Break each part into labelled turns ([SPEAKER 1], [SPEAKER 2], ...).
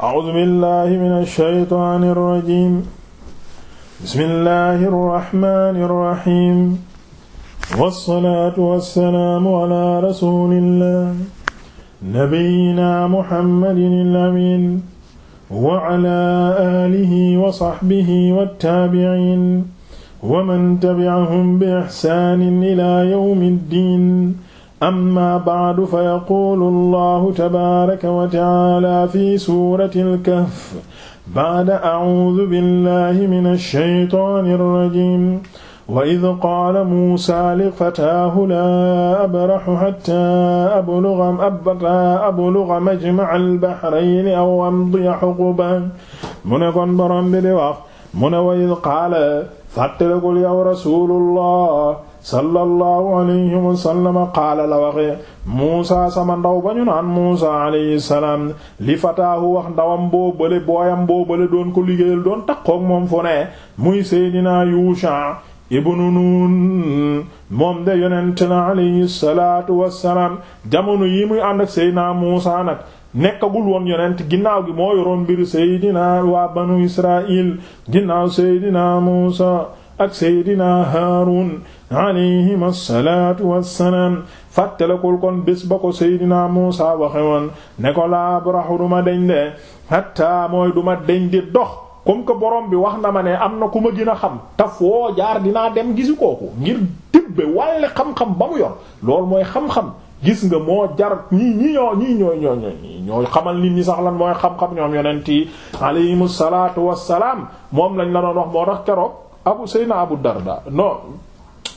[SPEAKER 1] A'uuzu billaahi mina shaytaani rajiim. Bismillaahi rahmaani rahiim. Wassalaatu wassalaamu alaa rasuulillaah. Nabiyyinaa Muhammadinil amiin. Wa alaa aalihi wa sahbihi wattaabi'iin. Wa man tabi'ahum bi ihsaanin ilaa yawmid diin. amma ba'du fa yaquulu allahu tabaaraka wa ta'aala fi suurati al-kahf ba'da a'uudu billahi mina shaytaani rajiim wa id qaala muusaa li fataahu laa abraxu xataa abluga majmaca albaxrayni aw amdiya xuquban mu ne kon borom bi di wax mu ne wa id qaala fàttalikul yow rasuulullah sallallahu alayhi wa sallam qaala la waxe Muusa sama ndaw ba ñu naan Muusa alayhi salaam li fataahu wax ndawam boo bële booyam boo bële doon ko liggéeyal doon takkook moom fu ne muy Seydina Yuusha ibnu Nuun moom de yonente alayhi salaatu wassalaam jamono yi muy ànd ak Seydina Muusa nag nekkagul woon yonent ginnaaw gi moo yoroon mbiri Seydina waa banu Israil ginnaaw Seydina Muusa ak Seydina Haarun alayhim assalaatu wassalaam fàttelekul kon bés ba ko seydinaa Muusaa waxe woon ne ko laa abrahu duma deñ de hatta mooy duma deñ di dox comme que borom bi wax na ma ne am na ku ma gën a xam te foo jaar dinaa dem gisi kooku ngir tibbe wàlle xam-xam ba mu yor loolu mooy xam-xam gis nga moo jar ñii ñi ñoo ñii ñooy ñoo ñooy xamal nit ñi sax lan mooy xam-xam ñoom yonent yi alayhimu salaatu wassalaam moom lañ la doon wax moo tax keroog abu seyna abu darda non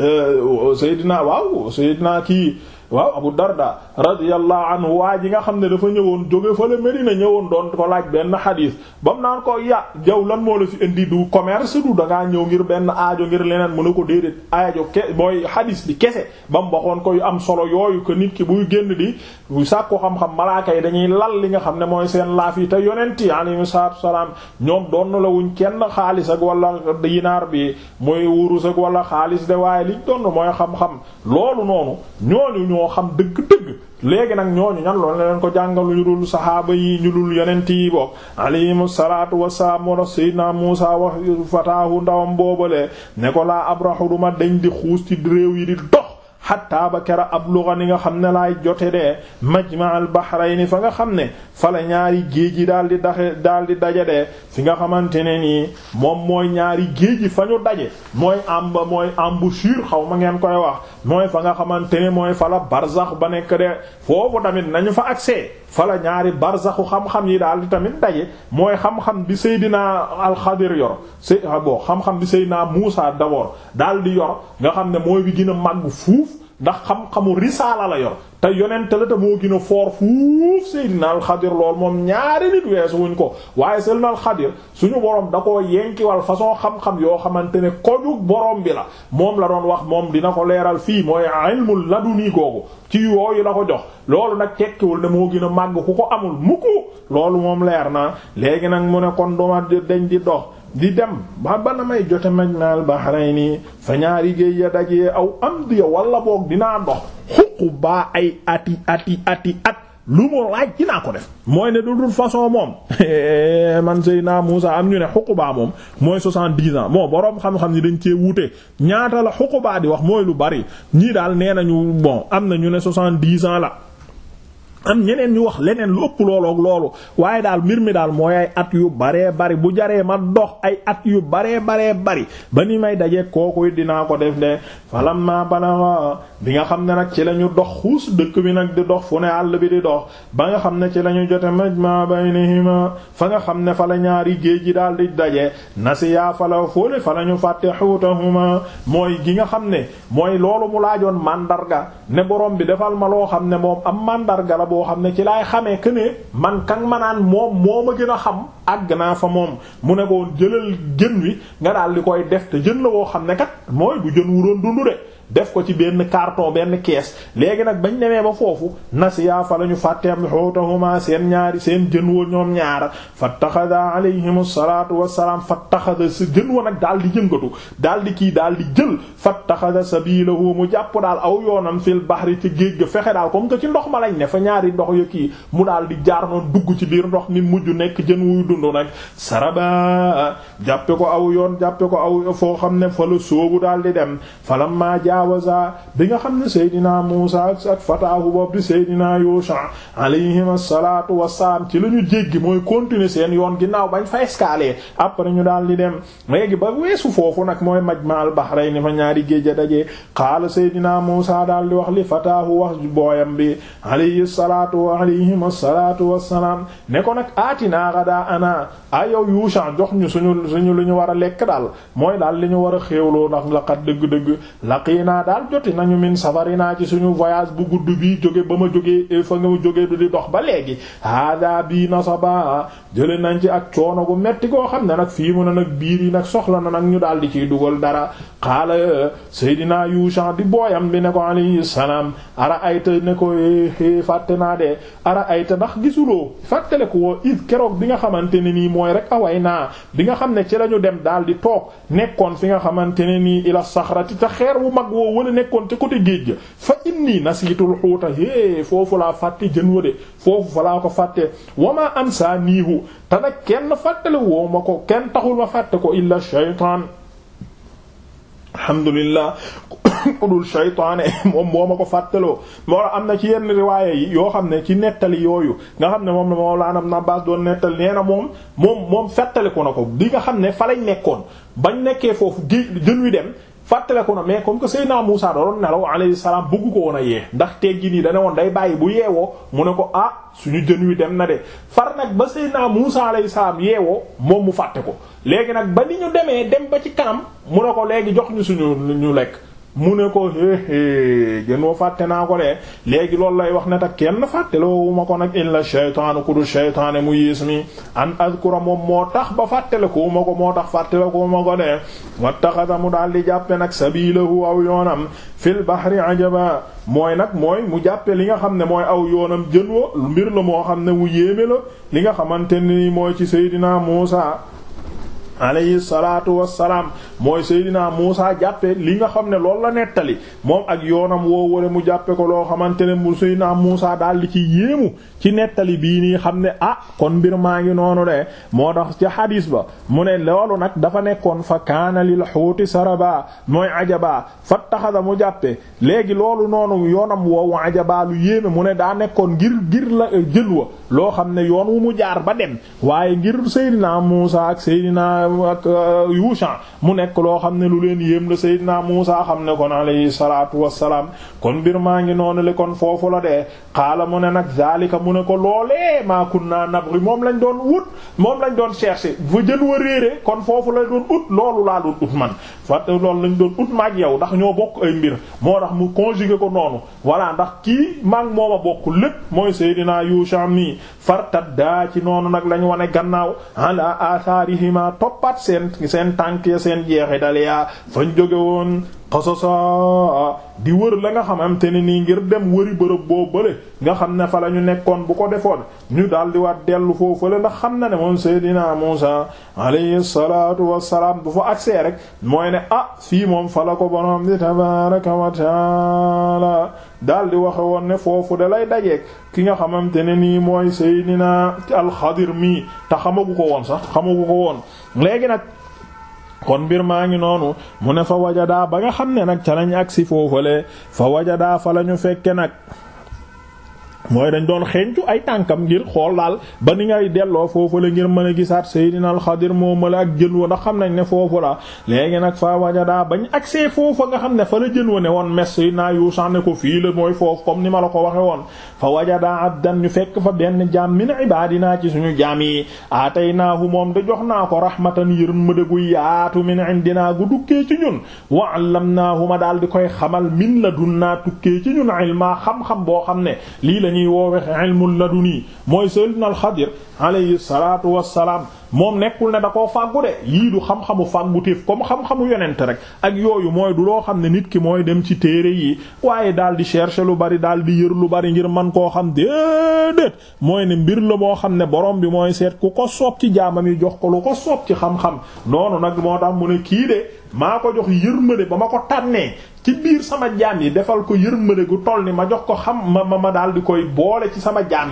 [SPEAKER 1] Euh, Seydina waaw Seydina kii waaw Abu Darda radiyallahu anhu waa ji nga xam ne dafa ñëwoon jóge fële Medina ñëwoon doon ko laaj benn xadiis ba mu naan ko ya jaw lan moo la fi indi du commerce du da ñëw ngir benn aajo ngir leneen mu ne ko déedéet aajo ke mooy xadiis bi kese ba mu waxoon ko yu am solo yooyu que nit ki buy génn di bu sàkku xam-xam malaaka yi dañuy lal li nga xam ne mooy seen laaf yi te yonent yi alayhi salaatu salaam ñoom doon la wuñ kenn xaalis ak wala dinaar bi mooy wurus ak wala xaalis de waaye liñ doon mooy xam-xam loolu ñoo xam dëgg-dëgg léegi nag ñooñu ñan loolu leen ko jàngal ñu dul saxaaba yi ñu dul yonent yi bokk alayhimu salaatu wassalaam wa sayyidina Muusaa wax fataahu ndawam boobale ne ko laa abrahu duma deñ di xuus ci réew yi di dox xatta ba kera ab luga ni nga xam ne laay jote dee majma al bahrayni fa nga xam ne fala ñaari géej yi daal daje dee fi nga xamante ne nii moom mooy ñaari géej gi fa ñu daje mooy amba mooy embouchure xaw ma ngeen koy wax mooy fa nga xamante ne mooy fa la barzax ba nekk de foofu tamit nañu fa accès fa la ñaari barzaxu xam-xam yi daal di tamit daje mooy xam-xam bi Seydina Alxadir yor sëy ah bon xam-xam bi Seydina Muusa d'abord daal di yor nga xam ne mooy bi gën a màgg fuuf ndax xam-xamu risaala la yor te yonent la te moo gën a foor fuuf Seydina al Xadir lool moom ñaari nit weesu wuñ ko waaye Seydina al Xadir suñu borom da koo yenkiwal façon xam-xam yoo xamante ne kojug boroom bi la moom la doon wax moom dina ko leeral fii mooy ilmul laduni googu ci yooyu la ko jox loolu nag tekkiwul ne moo gën a màgg ku ko amul mukku loolu moom leer na léegi nag mu ne kon duma dañ di dox di dem ba ba na may jote majnal bahrayni fa ñaari géej ya dajee aw am di walla boog dinaa dox xuqu baa ay ati ati ati at lu mu laaj dinaa ko def mooy ne de toute façon moom man naa Muusa am ñu ne baa moom mooy soixante-dix ans bon boroom xam-xam ni dañ cee wuute ñaata la baa di wax mooy lu bari ñii daal nee nañu bon am na ñu ne soixante-dix ans la am ñeneen ñu wax leneen lu ëpp loolu ak loolu waaye daal mbir mi daal mooy ay at yu baree bari bu jaree ma dox ay at baree baree bari ba ni may daje kooku dinaa ko def de falam ma balaxa bi nga xam ne nag ci lañu ñu dox xuus dëkk bi nag di dox fu ne àll bi di dox ba nga xam ne ci la ñu jote majma baynihima fa nga xam ne fala ñaari géej gi daal di daje nasiya fa la foole fa la ñu fàtte xuutahuma mooy gi nga xam ne mooy loolu mu laajoon mandarga ne borom bi defal ma loo xam ne moom am mandarga la boo xam ne ci laay xamee que ne man kan manaan naan moom moo ma jën a xam àgg ganaa fa moom mu ne ko jëlal jën wi nga daal di koy def te jën la woo xam ne kat mooy bu jën wu doon dund def ko ci benn carton benn kees léegi nag bañ demee ba foofu nasiya fa la ñu fàtteem xootahuma seen ñaari seen jën woo ñoom ñaar fattaxada alayhim asalatu wasalaam fattaxada sa jën wa nag daal di yëngatu daal di kii daal di jël fattaxada sabilahu mu jàpp daal aw yoonam fil bahri ci géej gi fexe daal comme que ci ndox ma lañ ne fa ñaari ndox yu kii mu dal di jaar noon dugg ci biir ndox mi mujj nekk jën wuy dund nag saraba jàppe ko aw yoon jàppe ko aw foo xam ne fa la daal di dem tajaawaza bi nga xam ne Seydina Muusa ak fataahu boobu di Seydina Yuusa alayhim assalaatu wassalaam ci la ñu jéggi mooy continuer seen yoon ginnaaw bañ fa escale après ñu daal di dem léegi ba weesu foofu nag mooy majmaal bahrayni fa ñaari géej a dajee qaala Seydina Muusa daal di wax li fataahu wax booyam bi alayhi salaatu alayhim assalaatu wassalaam ne ko nag aatinaa ghadaa'anaa a yow Yuusa jox ñu suñu suñu lu ñu war a lekk daal mooy daal li ñu war a xéewloo ndax naa daal joti nañu min safari naa ci suñu voyage bu gudd bi jóge ba ma jógee fa nga jóge du di dox ba léegi hada bii nasaba jële nañ ci ak coono gu metti koo xam ne nag fii mu ne nag biir nag soxla na nag ñu daal di ciy dugal dara xaala Seydina Yuusha di booyam bi ne ko alayhi salaam ara ayta ne ko fàtte naa de ara ayta ndax gisuloo fàttale ko woo keroog bi nga xamante ne nii mooy rek away naa bi nga xam ne ci lañu dem daal di toog nekkoon fi nga xamante nii ila saxrati ta xeer wu mag woo wala nekkoon ca côté géej ga fa inni nasiitul xuuta hé foofu laa fàtte jën wa de foofu fa laa ko fàtte wama ansa niihu te nag kenn fàttale woo ma ko kenn taxul ma fàtte ko illa shaytaan alhamdulillah kudul shaytaane moom moo ma ko fàttaloo moo am na ci yenn riwaaya yoo xam ne ci nettali yooyu nga xam ne moom la Mawlaana Ibn doon nettali nee moom moom moom fàttaliku na ko bi nga xam ne fa lañ nekkoon bañ nekkee foofu géej jën wi dem fàttaleku na mais comme que Seydina Muusaa doon nelaw alayhi salaam bëgg ko woon a yee ndax teggi nii dana woon day bàyyi bu yeewoo mu ne ko ah suñu jën wi dem na de far nag ba Seydina Muusaa alayhi salaam yeewoo moom mu fàtte ko léegi nag ba ni ñu demee dem ba ci kanam mu ne ko léegi jox ñu suñu ñu lekk mu ne ko éé gën woo fàtte naa ko dee léegi loolu lay wax ne te kenn fàtteloo wu ma ko nag illa shaytaanu ku du shaytaane mu yées mi an azkura moom moo tax ba fàttele ko ma ko moo tax fàttele ko ma ko dee wattaxata mu daal di jàppe nag sabilahu aw yoonam fil bahri ajaba mooy nag mooy mu jàppe li nga xam ne mooy aw yoonam jën wo mbir la moo xam ne mu yéeme la li nga xamante ni mooy ci Seydina Muusa alayhi salaatu wassalaam mooy Seydina Muusa jàppe li nga xam ne loolu la nettali moom ak yoonam woo wala mu jàppe ko loo xamante ne mu Seydina Muusa daal di ci yéemu ci nettali bii nii xam ne ah kon mbir maa ngi noonu de moo tax ci xadiis ba mu ne loolu nag dafa nekkoon fa kaana lil xuuti saraba mooy ajaba fattaxada mu jàppe léegi loolu noonu yoonam woowu ajaba lu yéeme mu ne daa nekkoon ngir ngir la jël wa loo xam ne yoon wu mu jaar ba dem waaye ngir Seydina Muusa ak Seydina ak euh, Yuusha mu nekk loo xam ne lu leen yéem la Seydina Muusa xam ne kon alayhi salaatu wassalaam kon mbir maa ngi noonu le kon foofu la de xaala mu ne nag zalika mu ne ko loolee maa kunna nabghi moom lañ doon wut moom lañ doon chercher fa jën wa réere kon foofu la doon ut loolu laa doon ut man fa loolu lañ doon ut maak yow ndax ñoo bokk ay mbir moo tax mu conjugué ko noonu voilà nii fartaddaa ci noonu nag lañu wane gannaaw ala atharihima toppaat seen seen tànk ya jeexe jeexital yaa fañ jóge woon xososoo di wër la nga xamante ne nii ngir dem wëri bërëb boo bële nga xam ne fa la ñu nekkoon bu ko defoon ñu daal di waat dellu foofu la ndax xam na ne moom Seydina Muusa alayhi salaatu wassalaam bu fa agsee rek mooy ne ah fii moom fa la ko borom di tabaaraka wa taala waxe woon ne foofu da lay dajeek ki nga xamante ne nii mooy Seydina alxadir mii te xamagu ko woon sax xamagu ko woon léegi nag kon mbir maa ngi noonu mu ne fa daa ba nga xam ne nag ca lañ agsi foofale fa daa fa lañu fekke nag mooy dañ doon xeeñtu ay tànkam ngir xool daal ba ni ngay delloo foofu la ngir mën a gisaat Seydina Alxadir moo mala ak jën wa ndax xam nañ ne foofu la léegi nag fa wajada bañ agsee foofa nga xam ne fa la jën wa ne woon mes Seydina Yuusa ne ko fii la mooy foofu comme ni ma la ko waxe woon fa wajada abdan ñu fekk fa benn jaam min ibadina ci suñu jaam yi aataynaahu moom da jox naa ko rahmatan yërmande gu yaatu min indina gu dukkee ci ñun wa allamnaahu ma daal di koy xamal min ladunnaa tukkee ci ñun ilma xam-xam boo xam ne ñuy woowe ilmul laduni mooy sayyidina al-Xadir alayhi salaatu wassalaam moom nekkul ne da koo fàggu de yii du xam-xamu fàggu téef comme xam-xamu yonent rek ak yooyu mooy du loo xam ne nit ki mooy dem ci téere yi waaye daal di chercher lu bari daal di yër lu bari ngir man koo xam déedéet mooy ne mbir la moo xam ne borom bi mooy seet ku ko soob ci jaamam yi jox ko lu ko soob ci xam-xam noonu nag moo daam mu ne kii de maa ko jox yërmande ba ma ko tànnee ci biir sama jaam yi defal ko yërmande gu toll ni ma jox ko xam ma ma ma daal di koy boole ci sama jaam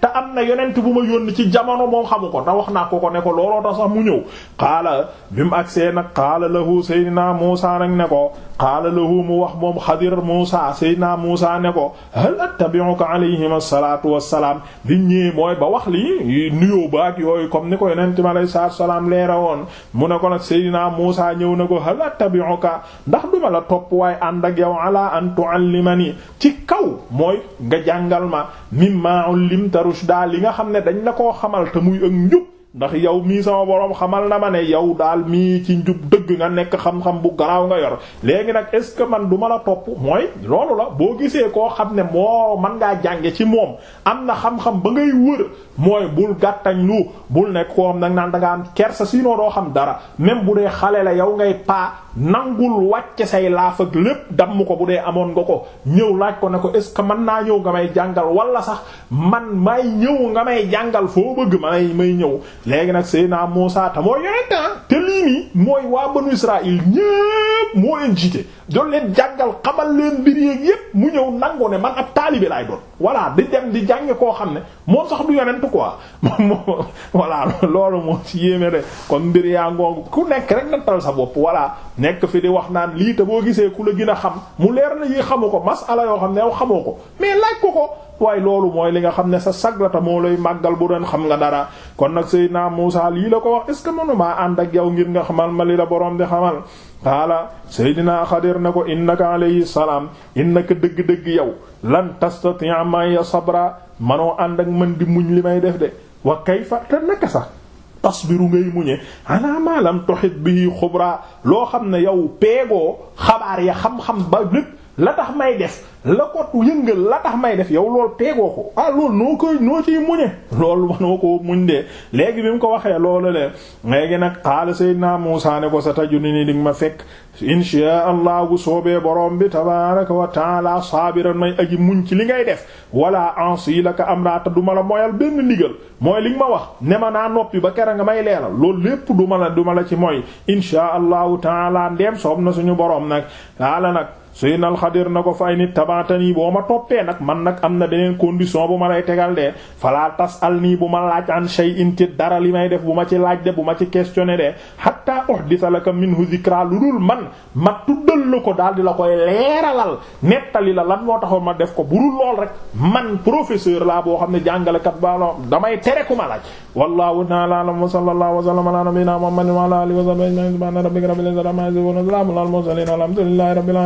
[SPEAKER 1] te am na yonent bu ma yónni ci jamono moom xamu ko te wax naa ko ko ne ko looloo tax sax mu ñëw xaala bi mu agsee nag xaala lahu Seydina Muusa nag ne ko xaala lahu mu wax moom Xadir Muusa Seydina Muusa ne ko hal attabi'uka alayhim asalaatu wassalaam di ñëwee mooy ba wax lii nuyoo ba ak yooyu comme ni ko yonent mi alayhi salaatu wassalaam leera woon mu ne ko nag Seydina muusaa ñëw na ko hal attabi'uka ndax duma la topp waaye ànd ak yow ala an tu'allimani ci kaw mooy nga jàngal ma mimma ullim tarush daal li nga xam ne dañ la ko xamal te muy ak njub ndax yow mii sama boroom xamal na ma ne yow daal mii ci njub dëgg dëgg nga nekk xam-xam bu garaaw nga yor léegi nag est ce man du ma la topp mooy loolu la boo gisee koo xam ne moo man ngaa jànge ci moom am na xam-xam ba ngay wër mooy bul gàttañ lu bul nekk koo xam nag naan da nga am kersa doo xam dara même bu dee xale la yow ngay paa nangul wàcce say laaf ak lépp damm ko bu dee amoon nga ko ñëw laaj ko ne ko est ce que mën naa ñëw nga may jàngal walla sax man may ñëw nga may jàngal foo bëgg may may ñëw léegi nag Seydina Muusaa ta banu Israël ñépp moo leen jiite doon leen jàngal xamal leen mbir yépp mu ñëw nangu ne man ab taalibe laay doon voilà di dem di jànge koo xam ne moom sax du yonent quoi moom moom voilà loolu moo ci yéeme kon mbir yaa ku nekk rek na tal sa bopp voilà nekk fi di wax naan lii te boo gisee ku la a xam mu leer na yi xamu ko masala yoo xam ne yow xamoo ko waaye loolu mooy li nga xam ne sa saglata moo lay màggal bu doon xam nga dara kon nag naa Muusa lii la ko wax est ce que mënumaa ànd ak yow ngir nga xamal ma li la borom di xamal qaala seydinaa xadir ne ko innaka alayhi salaam innaka dëgg-dëgg yow lan tastati'a ma'iya sabra manoo ànd ak man di muñ li may def de wa kayfa te naka sax tasbiru ngay muñe ala ma bihi xubra loo xam ne yow peegoo xabaar ya xam-xam ba lépp la tax may def la ko yëngal la tax may def yow loolu teegoo ko ah loolu noo koy noo ciy muñe loolu wanoo koo muñ dee léegi bi mu ko waxee loolu de léegi nag xaala Seydina Muusaa ne ko sa taju ni ni dinga ma fekk inshaa Allah bu soobee borom bi tabaaraka wa taala saabiran may aji muñ ci li ngay def wala ansi laka amra ta duma la moyal benn ndigal mooy li nga ma wax ne ma naa noppi ba kera nga may leeral loolu lépp duma la duma la ci moy inshaa Allahu taala ndeem soob na suñu boroom nag xaala nag suy nal xadir na ko fay nit tabaatani boo ma toppee nag man nag am na beneen condition bu ma lay tegal de falaa tas al nii bu ma laaj an shay'in ci dara li may def bu ma ci laaj de bu ma ci questionné de hatta uhditha laka minhu dhikra lu dul man ma tuddal la ko daal di la koy leeralal nettali la lan moo taxoon ma def ko bu dul lool rek man professeur laa boo xam ne jàngalekat balo damay tere laaj wallahu ta'ala a'lam wa sallallahu wa sallama ala